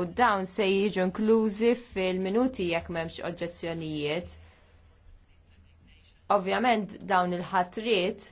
u dawn se jiġu inklużi fil-minuti jekk m'hemmx oġġezzjonijiet. Ovvjament dawn il-ħatriet